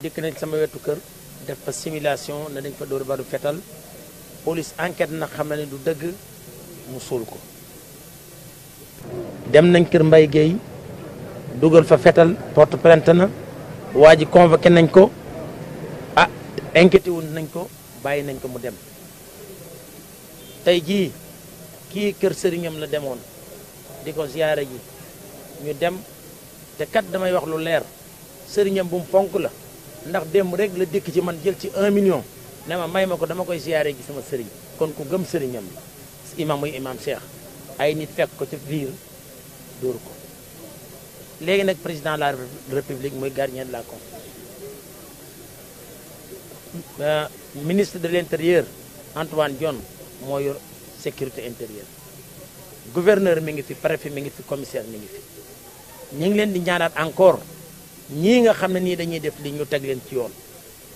dikk nañ sama wetu kër def fa simulation ne dañ fa dóor balu fetal police enquête na xam na ne du dëgg mu suul ko dem nañ kër mbay Guèye dugal fa fetal porte plainte na waa ji convoqué nañ ko ah inquiété wun nañ ko bàyyi nañ ko mu dem tey jii kii kër sëriñam la demoon di ko ziyaare ji ñu dem te kat damay wax lu leer sëriñam bu mu la ndax démb rek la dikk ci man jël ci 1 million ne ma may ma ko dama koy siyaaree ci sama sëriñ kon ko gëm sëriñam la imam muy imam Cheikh ay nit fekk ko ci biir dóor ko léegi nag président de la république muy gardien de la constitution euh, ministre de l'intérieur Antoine Diome moo yor sécurité intérieure gouverneur mi ngi fi préfet mi ngi fi commissaire mi ngi fi ñu ngi leen di ñaanaat encore ñii nga xam ne nii dañuy def li ñu teg leen ci yoon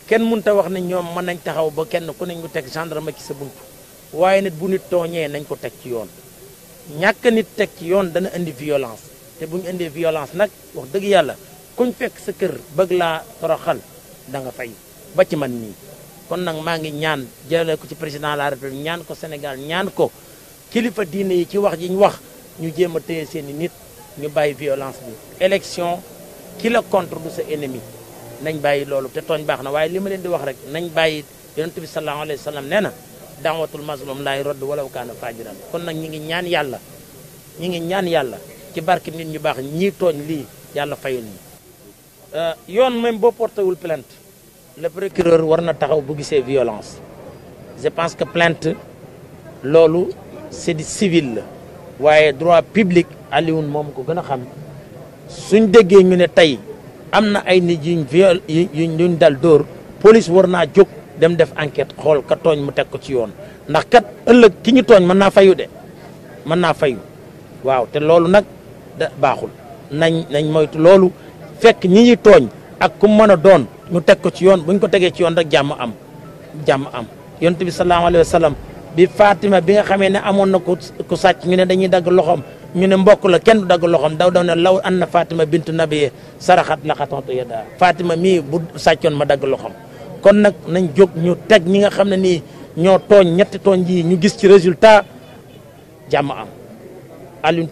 kenn mënta wax ne ñoom mën nañ taxaw ba kenn ku ne ñu teg gendre ma ci sa buntu waaye nit bu nit tooñee nañ ko teg ci yoon ñàkk nit teg ci yoon dana indi violence te buñ ñu indee violence nag wax dëgg yàlla kuñ fekk sa kër bëgg laa toroxal da nga fay ba ci man nii kon nag maa ngi ñaan jëlee ko ci président de la république ñaan ko Sénégal ñaan ko kilifa diine yi ci wax ji ñu wax ñu jéem a téye seen i nit ñu bàyyi violence bi élection ki la contre du sa ennemi nañ bàyyi loolu te tooñ baax na waaye li ma leen di wax rek nañ bàyyi yonent bi sallallahu alayhi wa nee na daawatul mazlum laay rodd walaw kaana fajiran kon nag ñi ngi ñaan yàlla ñi ngi ñaan yàlla ci barke nit ñu baax ñii tooñ lii yàlla fayul ñi euh, yoon même boo portewul plainte le procureur war na taxaw bu gisee violence je pense que plainte loolu c'est du civil la waaye droit public Alioune moom ko gën a xam suñ déggee ñu ne tey am na ay nit yuñ viol yuñ dal dóor police war naa jóg dem def enquête xool ka tooñ mu teg ko ci yoon ndax kat ëllëg ki ñu tooñ mën naa fayu de mën naa fayu waaw te loolu nag da baaxul nañ nañ moytu loolu fekk ñi ñuy tooñ ak ku mën a doon mu teg ko ci yoon buñ ko tegee ci yoon rek jàmm am jàmm am yonent bi sallallahu alayhi wa sallam bi Fatima bi nga xamee ne amoon na ku sàcc ñu ne dañuy dagg loxoom ñu ne mbokk la kenn du dagg loxoom daw daw ne law an na Fatima bintu Nabiye saraxat la xatantu yada Fatima mi bu sàccoon ma dagg loxoom kon nag nañ jog ñu teg ñi nga xam ne nii ñoo tooñ ñetti tooñ ji ñu gis ci résultat jàmm am.